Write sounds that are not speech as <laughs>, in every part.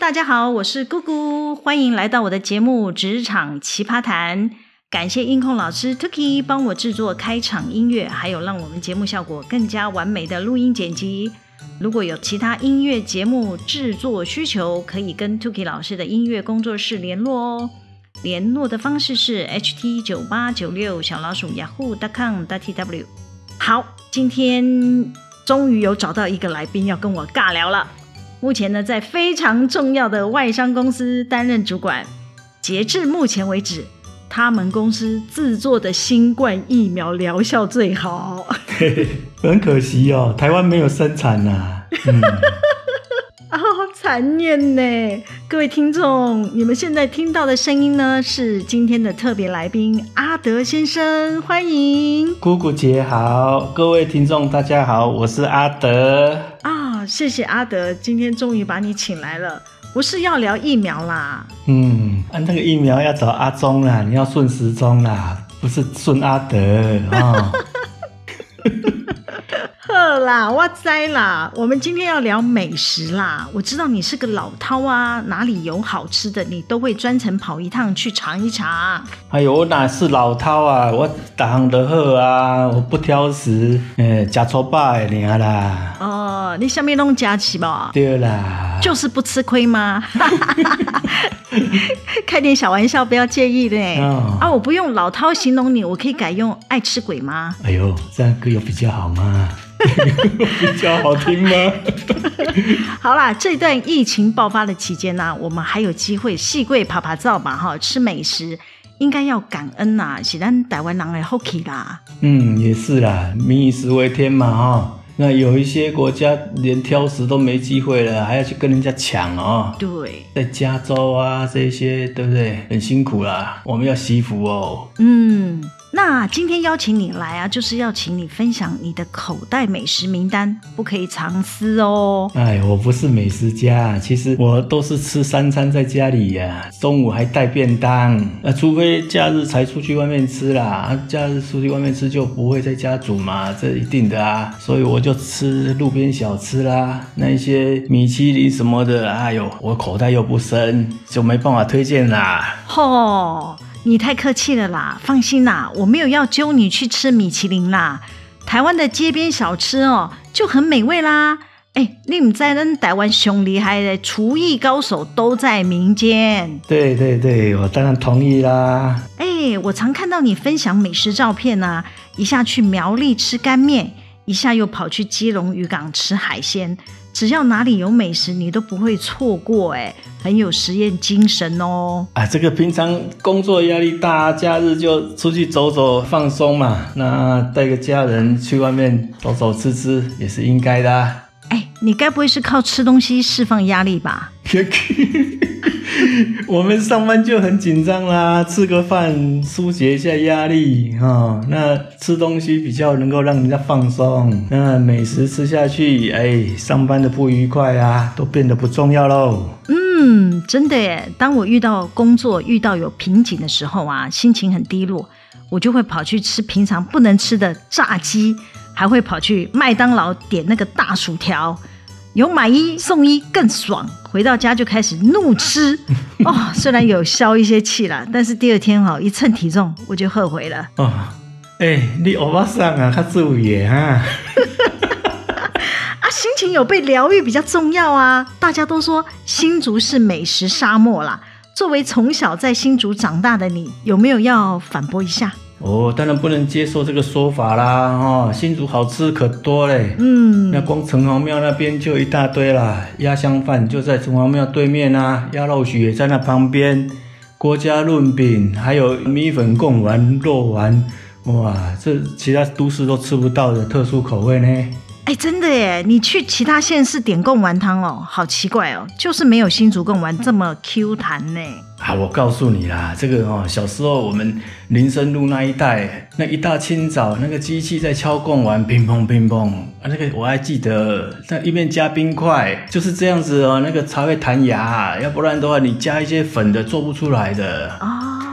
大家好，我是 Gugu，歡迎來到我的節目《職場奇葩談》。感謝音控老師 Tuki 幫我制作開場音樂，還有讓我們節目效果更加完美的錄音剪輯。如果有其他音樂節目制作需求，可以跟 Tuki 老師的音樂工作室聯絡哦。聯絡的方式是 ht 九八九六小老鼠 yahoo dot com dot tw。好，今天終於有找到一個來賓要跟我尬聊了。目前呢，在非常重要的外商公司擔任主管。截至目前為止，他們公司製作的新冠疫苗療效最好。嘿嘿，很可惜哦，台灣沒有生產啊、嗯、 <laughs> 啊，好殘念呢！各位聽眾，你們現在聽到的聲音呢，是今天的特別來賓阿德先生，歡迎。Gugu 姊，好，各位聽眾大家好，我是阿德。啊。謝謝阿德，今天終於把你請來了，不是要聊疫苗啦。嗯，啊，那個疫苗要找阿中啦，你要順時鐘啦，不是順阿德。好啦，我栽啦，我們今天要聊美食啦。我知道你是個老饕啊，哪裡有好吃的，你都會專程跑一趟去嘗一嘗。哎呦，我哪是老饕啊，我打得好啊，我不挑食，誒、哎，吃錯百的啦。哦。你下面弄假期吧，對了啦，就是不吃虧嗎？ <laughs> <laughs> 開點小玩笑，不要介意的、欸。Oh. 啊，我不用老饕形容你，我可以改用愛吃鬼嗎？哎呦，這樣歌有比較好嗎？ <laughs> <laughs> 比較好聽嗎？ <laughs> <laughs> 好啦，這段疫情爆發的期間呢、啊，我們還有機會細貴趴趴走吧、哦，哈，吃美食應該要感恩吶、啊，是咱台灣人的福氣啦。嗯，也是啦，民以食為天嘛、哦，哈、嗯。那有一些國家連挑食都沒機會了，還要去跟人家搶哦。對，在加州啊這些，對不對？很辛苦啦，我們要惜福哦。嗯。那今天邀請你來啊，就是要請你分享你的口袋美食名單，不可以藏私哦。哎，我不是美食家，其實我都是吃三餐在家裡呀、啊，中午還帶便當。那、啊、除非假日才出去外面吃啦、啊，假日出去外面吃就不會在家煮嘛，這一定的啊。所以我就吃路邊小吃啦，那一些米其林什麼的。哎呦，我口袋又不深，就沒辦法推薦啦。吼、哦。你太客氣了啦，放心啦、啊，我沒有要揪你去吃米其林啦，台灣的街邊小吃哦、喔、就很美味啦。哎、欸，你不知道我們台灣最厲害的廚藝高手都在民間。對對對，我當然同意啦。哎、欸，我常看到你分享美食照片啊，一下去苗栗吃乾面，一下又跑去基隆漁港吃海鮮。只要哪裡有美食，你都不會錯過，哎，很有實驗精神哦。啊，這個平常工作壓力大，假日就出去走走放鬆嘛。那帶個家人去外面走走吃吃，也是應該的啊。你該不會是靠吃東西釋放壓力吧？ <laughs> 我們上班就很緊張啦，吃個飯舒解一下壓力啊、哦。那吃東西比較能夠讓人家放鬆，那美食吃下去，哎，上班的不愉快啊，都變得不重要嘍。嗯，真的耶。當我遇到工作遇到有瓶頸的時候啊，心情很低落，我就會跑去吃平常不能吃的炸雞，還會跑去麥當勞點那個大薯條，有買一送一更爽。回到家就開始怒吃，哦， <laughs> 雖然有消一些氣了，但是第二天哈一稱體重，我就後悔了。哦，哎、欸，你歐巴桑啊，較注意哈。 <laughs> <laughs> 啊，心情有被療癒比較重要啊。大家都說新竹是美食沙漠啦，作為從小在新竹長大的你，有沒有要反駁一下？哦，當然不能接受這個說法啦！哦，新竹好吃可多嘞，嗯，那光城隍廟那邊就一大堆啦，鴨香飯就在城隍廟對面啦，啊，鴨肉許也在那旁邊，郭家潤餅，還有米粉貢丸、肉丸，哇，這其他都市都吃不到的特殊口味呢。哎、欸，真的耶。你去其他縣市點貢丸湯哦，好奇怪哦，就是沒有新竹貢丸這麼 Q 彈呢。啊，我告訴你啦，這個哦，小時候我們林森路那一帶，那一大清早那個機器在敲貢丸，乒乓乒乓啊，那個我還記得，那一面加冰塊，就是這樣子哦，那個才會彈牙，要不然的話你加一些粉的做不出來的啊。哦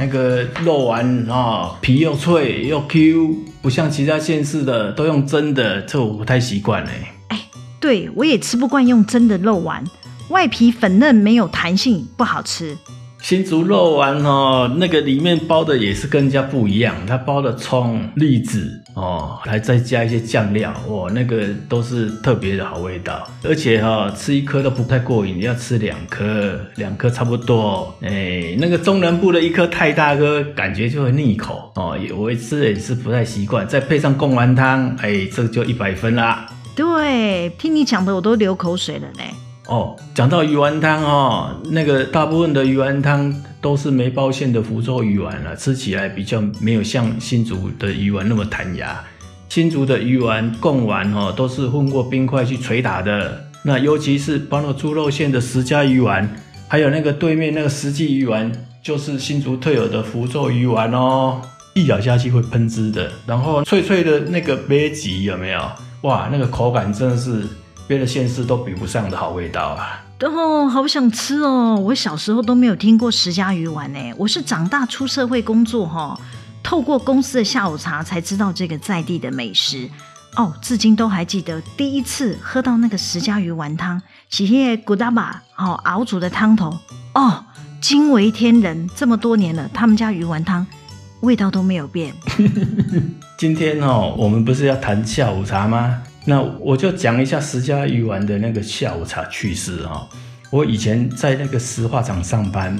那個肉丸啊、哦，皮又脆又 Q，不像其他縣市的都用蒸的，這我不太習慣哎、欸。哎，對，我也吃不慣用蒸的肉丸，外皮粉嫩沒有彈性，不好吃。新竹肉丸哦，那個裡面包的也是跟人家不一樣，它包的蔥、栗子哦，還再加一些醬料，哇、哦，那個都是特別的好味道，而且哈、哦，吃一顆都不太過癮，要吃兩顆，兩顆差不多。哎，那個中南部的一顆太大顆，感覺就會膩口哦，也我吃也是不太習慣。再配上貢丸湯，哎，這就一百分啦。對，聽你講的我都流口水了嘞。哦，講到魚丸湯哦，那個大部分的魚丸湯都是沒包餡的福州魚丸了，啊，吃起來比較沒有像新竹的魚丸那麼彈牙。新竹的魚丸、貢丸哦，都是混過冰塊去捶打的。那尤其是包那豬肉餡的石家魚丸，還有那個對面那個石記魚丸，就是新竹特有的福州魚丸哦，一咬下去會噴汁的，然後脆脆的那個杯吉有沒有？哇，那個口感真的是。別的縣市都比不上的好味道啊！哦，好想吃哦！我小時候都沒有聽過石家魚丸呢，我是長大出社會工作哦，透過公司的下午茶才知道這個在地的美食哦，至今都還記得第一次喝到那個石家魚丸湯，謝謝古大爸哦熬煮的湯頭哦，驚為天人！這麼多年了，他們家魚丸湯味道都沒有變。今天哦，我們不是要談下午茶嗎？那我就講一下石家魚丸的那個下午茶趣事哦。我以前在那個石化廠上班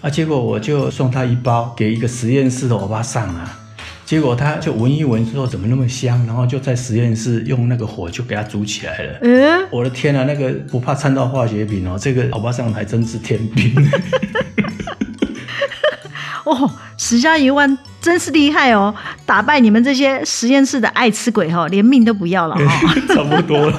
啊，結果我就送他一包給一個實驗室的歐巴桑啊。結果他就聞一聞說，怎麼那麼香？然後就在實驗室用那個火就給他煮起來了。嗯，我的天哪，啊，那個不怕摻到化學品哦，這個歐巴桑還真是天兵。 <laughs> <laughs> 哦，石家魚丸真是厲害哦。打敗你們這些實驗室的愛吃鬼哈、哦，連命都不要了哈、哦欸，差不多了。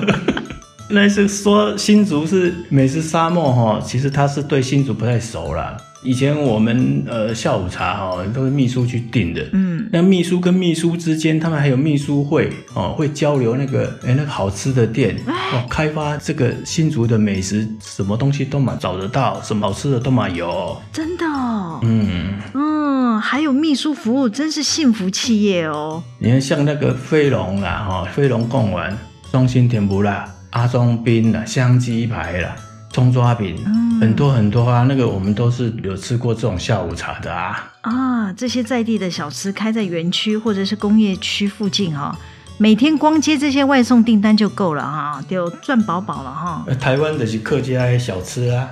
那 <laughs> 是說新竹是美食沙漠哈、哦，其實他是對新竹不太熟了。以前我們呃下午茶哈、哦，都是秘書去訂的。嗯。那秘書跟秘書之間，他們還有秘書會哦，會交流那個誒、欸、那個好吃的店哦、欸，開發這個新竹的美食，什麼東西都滿找得到，什麼好吃的都滿有，真的哦，嗯嗯，還有秘書服務，真是幸福企業哦。你看像那個飛龍啦、啊，哈、哦，飛龍貢丸、雙心甜不辣、阿中冰啦、啊、香雞排啦、啊。蔥抓餅，嗯、很多很多啊！那個我們都是有吃過這種下午茶的啊啊！這些在地的小吃開在園區或者是工業區附近哈、哦，每天光接這些外送訂單就夠了哈、哦，就賺飽飽了哈、哦呃。台灣的是客家小吃啊，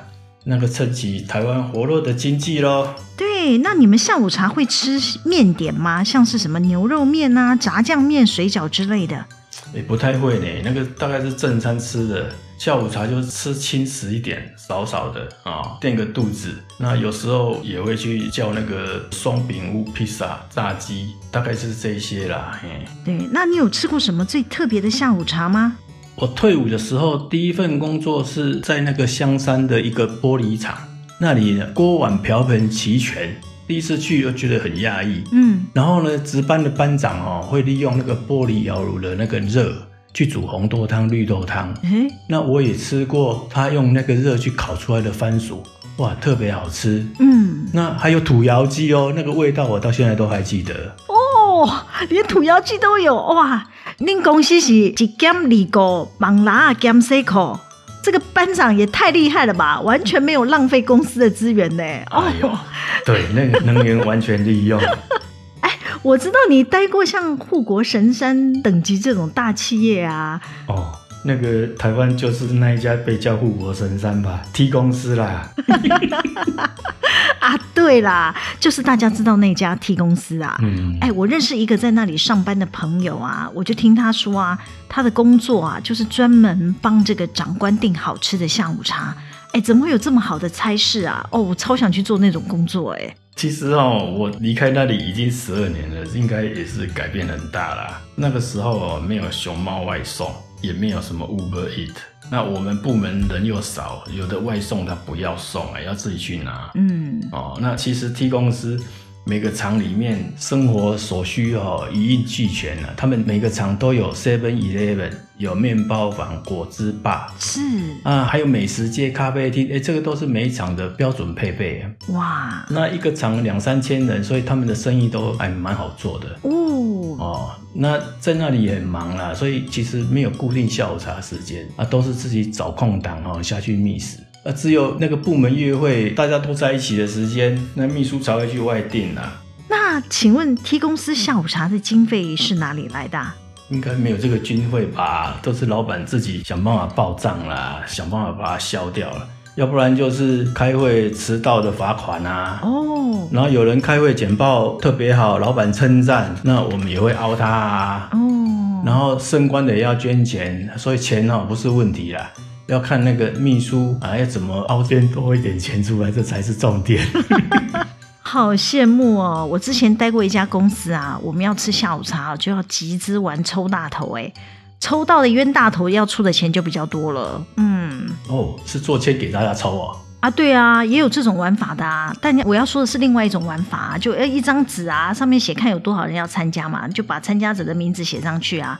那個撐起台灣活絡的經濟嘍。對，那你們下午茶會吃麵點嗎？像是什麼牛肉麵啊、炸醬麵、水餃之類的？也、欸、不太會呢，那個大概是正餐吃的。下午茶就吃輕食一點，少少的啊、哦，墊個肚子。那有時候也會去叫那個鬆餅屋、披薩、炸雞，大概是這些啦。嘿、嗯，對，那你有吃過什麼最特別的下午茶嗎？我退伍的時候，第一份工作是在那個香山的一個玻璃廠，那裡鍋碗瓢盆齊全。第一次去，又覺得很壓抑。嗯，然後呢，值班的班長哦，會利用那個玻璃窯爐的那個熱，去煮紅豆湯、綠豆湯，欸、那我也吃過。他用那個熱去烤出來的番薯，哇，特別好吃。嗯，那還有土窯雞哦，那個味道我到現在都還記得。哦，連土窯雞都有哇！您公司是一兼二顧，摸蜊仔兼洗褲。這個班長也太厲害了吧，完全沒有浪費公司的資源呢。哎呦，哦、對，那個能源完全利用。 <laughs> 我知道你待過像護國神山等級這種大企業啊。哦，那個台灣就是那一家被叫護國神山吧？T 公司啦。 <laughs> <laughs> 啊，對啦，就是大家知道那家 T 公司啊。嗯。哎、欸，我認識一個在那裡上班的朋友啊，我就聽他說啊，他的工作啊，就是專門幫這個長官訂好吃的下午茶。哎、欸，怎麼會有這麼好的差事啊？哦，我超想去做那種工作哎、欸。其實哦，我離開那裡已經十二年了，應該也是改變很大啦。那個時候哦，沒有熊貓外送，也沒有什麼 Uber Eat，那我們部門人又少，有的外送他不要送，欸、要自己去拿。嗯，哦，那其實 T 公司。每個廠裡面生活所需哦，一應俱全了、啊，他們每個廠都有 Seven Eleven，有面包房、果汁吧是、嗯、啊，還有美食街、咖啡廳，誒、欸、這個都是每一廠的標準配備、啊。哇，那一個廠兩三千人，所以他們的生意都還蠻好做的。哦哦，那在那裡也很忙啦、啊，所以其實沒有固定下午茶時間啊，都是自己找空檔哦下去覓食。只有那個部門約會，大家都在一起的時間，那秘書才會去外訂啊。那請問 T 公司下午茶的經費是哪裡來的啊？應該沒有這個經費吧？都是老闆自己想辦法報賬啦，想辦法把它消掉了。要不然就是開會遲到的罰款啊。哦。Oh. 然後有人開會簡報特別好，老闆稱讚，那我們也會凹他。啊。哦。Oh. 然後升官的也要捐錢，所以錢哦不是問題啦。要看那個秘書哎、啊、要怎麼凹點多一點錢出來，這才是重點。 <laughs> <laughs> 好羨慕哦！我之前待過一家公司啊，我們要吃下午茶就要集資玩抽大頭，哎，抽到的冤大頭要出的錢就比較多了。嗯，哦，是做籤給大家抽、哦、啊？啊，對啊，也有這種玩法的啊。但我要說的是另外一種玩法、啊，就哎，一張紙啊，上面寫看有多少人要參加嘛，就把參加者的名字寫上去啊。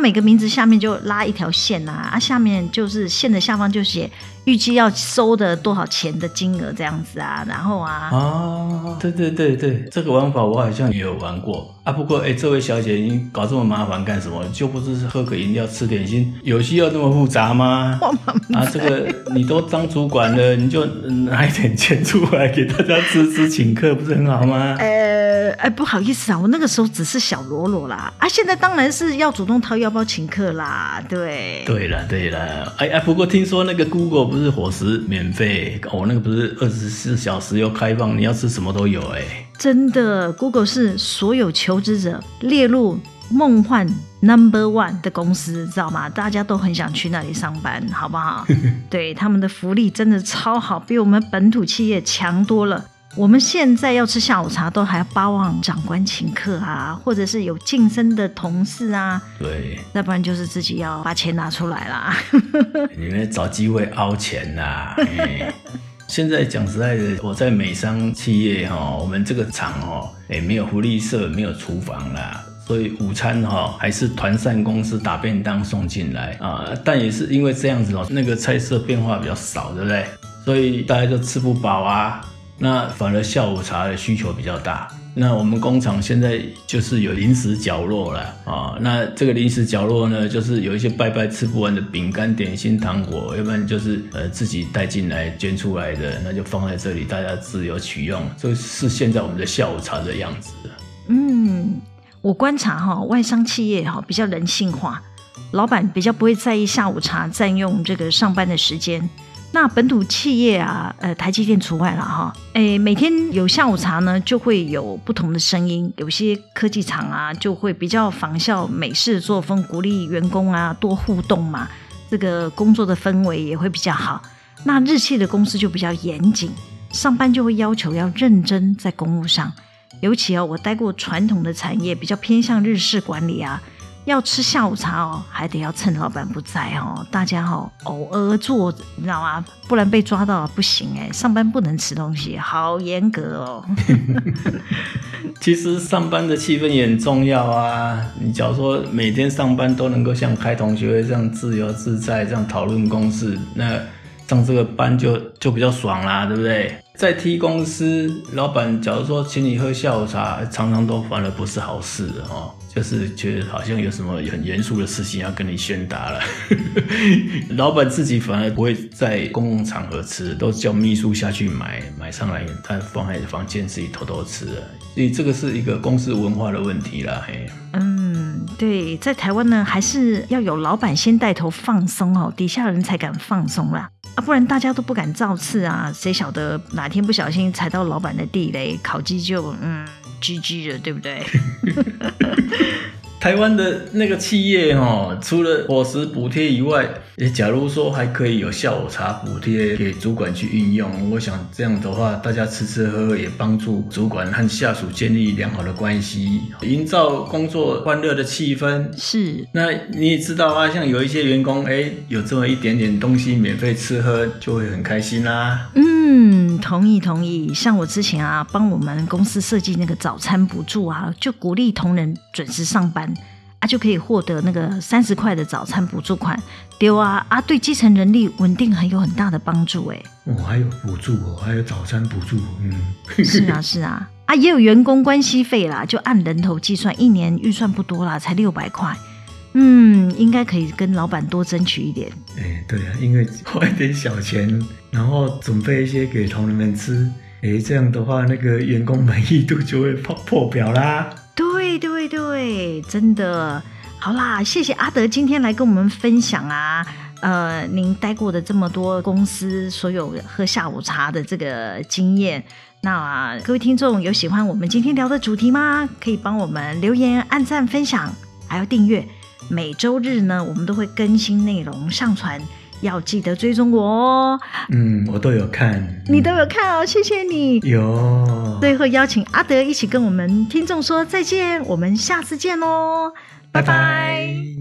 每個名字下面就拉一條線啊，啊，下面就是線的下方就寫預計要收的多少錢的金額這樣子啊，然後啊。啊，對對對對，這個玩法我好像也有玩過啊。不過哎、欸，這位小姐，你搞這麼麻煩幹什麼？就不是喝個飲料吃點心，有需要那麼複雜嗎？啊，這個你都當主管了，你就拿一點錢出來給大家吃吃請客，不是很好嗎？欸哎，不好意思啊，我那個時候只是小囉囉啦，啊，現在當然是要主動掏腰包請客啦，對。對啦，對啦，哎哎，不過聽說那個 Google 不是伙食免費，我、哦、那個不是二十四小時又開放，你要吃什麼都有、欸，哎。真的，Google 是所有求職者列入夢幻 Number One 的公司，知道嗎？大家都很想去那裡上班，好不好？ <laughs> 對，他們的福利真的超好，比我們本土企業強多了。我們現在要吃下午茶，都還要巴望長官請客啊，或者是有晉升的同事啊，對，要不然就是自己要把錢拿出來啦。 <laughs> 你們找機會凹錢啦、啊！嗯、 <laughs> 現在講實在的，我在美商企業哈、哦，我們這個廠哦，也沒有福利社，沒有廚房啦，所以午餐哈、哦、還是團膳公司打便當送進來啊、嗯，但也是因為這樣子哦，那個菜色變化比較少，對不對？所以大家都吃不飽啊。那反而下午茶的需求比較大。那我們工廠現在就是有零食角落了啊、哦。那這個零食角落呢，就是有一些拜拜吃不完的餅乾、點心、糖果，要不然就是呃自己帶進來捐出來的，那就放在這裡，大家自由取用。這是現在我們的下午茶的樣子。嗯，我觀察哈、哦，外商企業哈、哦、比較人性化，老闆比較不會在意下午茶占用這個上班的時間。那本土企業啊，呃，台積電除外了哈。哎，每天有下午茶呢，就會有不同的聲音。有些科技廠啊，就會比較仿效美式作風，鼓勵員工啊多互動嘛，這個工作的氛圍也會比較好。那日系的公司就比較嚴謹，上班就會要求要認真，在公務上。尤其啊，我待過傳統的產業，比較偏向日式管理啊。要吃下午茶哦，還得要趁老板不在哦，大家，哈、哦、偶爾做，你知道嗎？不然被抓到不行哎、欸，上班不能吃東西，好嚴格哦。 <laughs> <laughs> 其實上班的氣氛也很重要啊。你假如說每天上班都能夠像開同學會這樣自由自在，這樣討論公事，那上這個班就就比較爽啦、啊，對不對？在 T 公司，老板假如說請你喝下午茶，常常都反而不是好事哦。就是覺得好像有什麼很嚴肅的事情要跟你宣達了， <laughs> 老闆自己反而不會在公共場合吃，都叫秘書下去買，買上來他放在房間自己偷偷吃了，所以這個是一個公司文化的問題啦。嘿嗯，對，在台灣呢，還是要有老闆先帶頭放鬆哦，底下人才敢放鬆啦，啊，不然大家都不敢造次啊，誰曉得哪天不小心踩到老闆的地雷，烤雞就嗯。唧唧的，對不對？ <laughs> 台灣的那個企業哦，除了伙食補貼以外，哎，假如說還可以有下午茶補貼給主管去運用，我想這樣的話，大家吃吃喝喝也幫助主管和下屬建立良好的關係，營造工作歡樂的氣氛。是，那你也知道啊，像有一些員工，哎、欸，有這麼一點點東西免費吃喝，就會很開心啦、啊。嗯。嗯，同意同意。像我之前啊，幫我們公司設計那個早餐補助啊，就鼓勵同仁準時上班啊，就可以獲得那個三十塊的早餐補助款。對啊，啊，對基層人力穩定很有很大的幫助哎。我、哦、還有補助我、哦、還有早餐補助，嗯， <laughs> 是啊是啊啊，也有員工關係費啦，就按人頭計算，一年預算不多啦，才六百塊。嗯，應該可以跟老闆多爭取一點。哎、欸，對啊，因為花一點小錢，然後準備一些給同仁們吃，哎、欸，這樣的話，那個員工滿意度就會破破表啦。對對對，真的。好啦，謝謝阿德今天來跟我們分享啊，呃，您待過的這麼多公司，所有喝下午茶的這個經驗。那啊，各位聽眾有喜歡我們今天聊的主題嗎？可以幫我們留言、按讚、分享，還有訂閱。每週日呢，我們都會更新內容上傳，要記得追蹤我哦。嗯，我都有看，嗯、你都有看哦，謝謝你。有，最後邀請阿德一起跟我們聽眾說再見，我們下次見嘍、哦，拜拜。拜拜。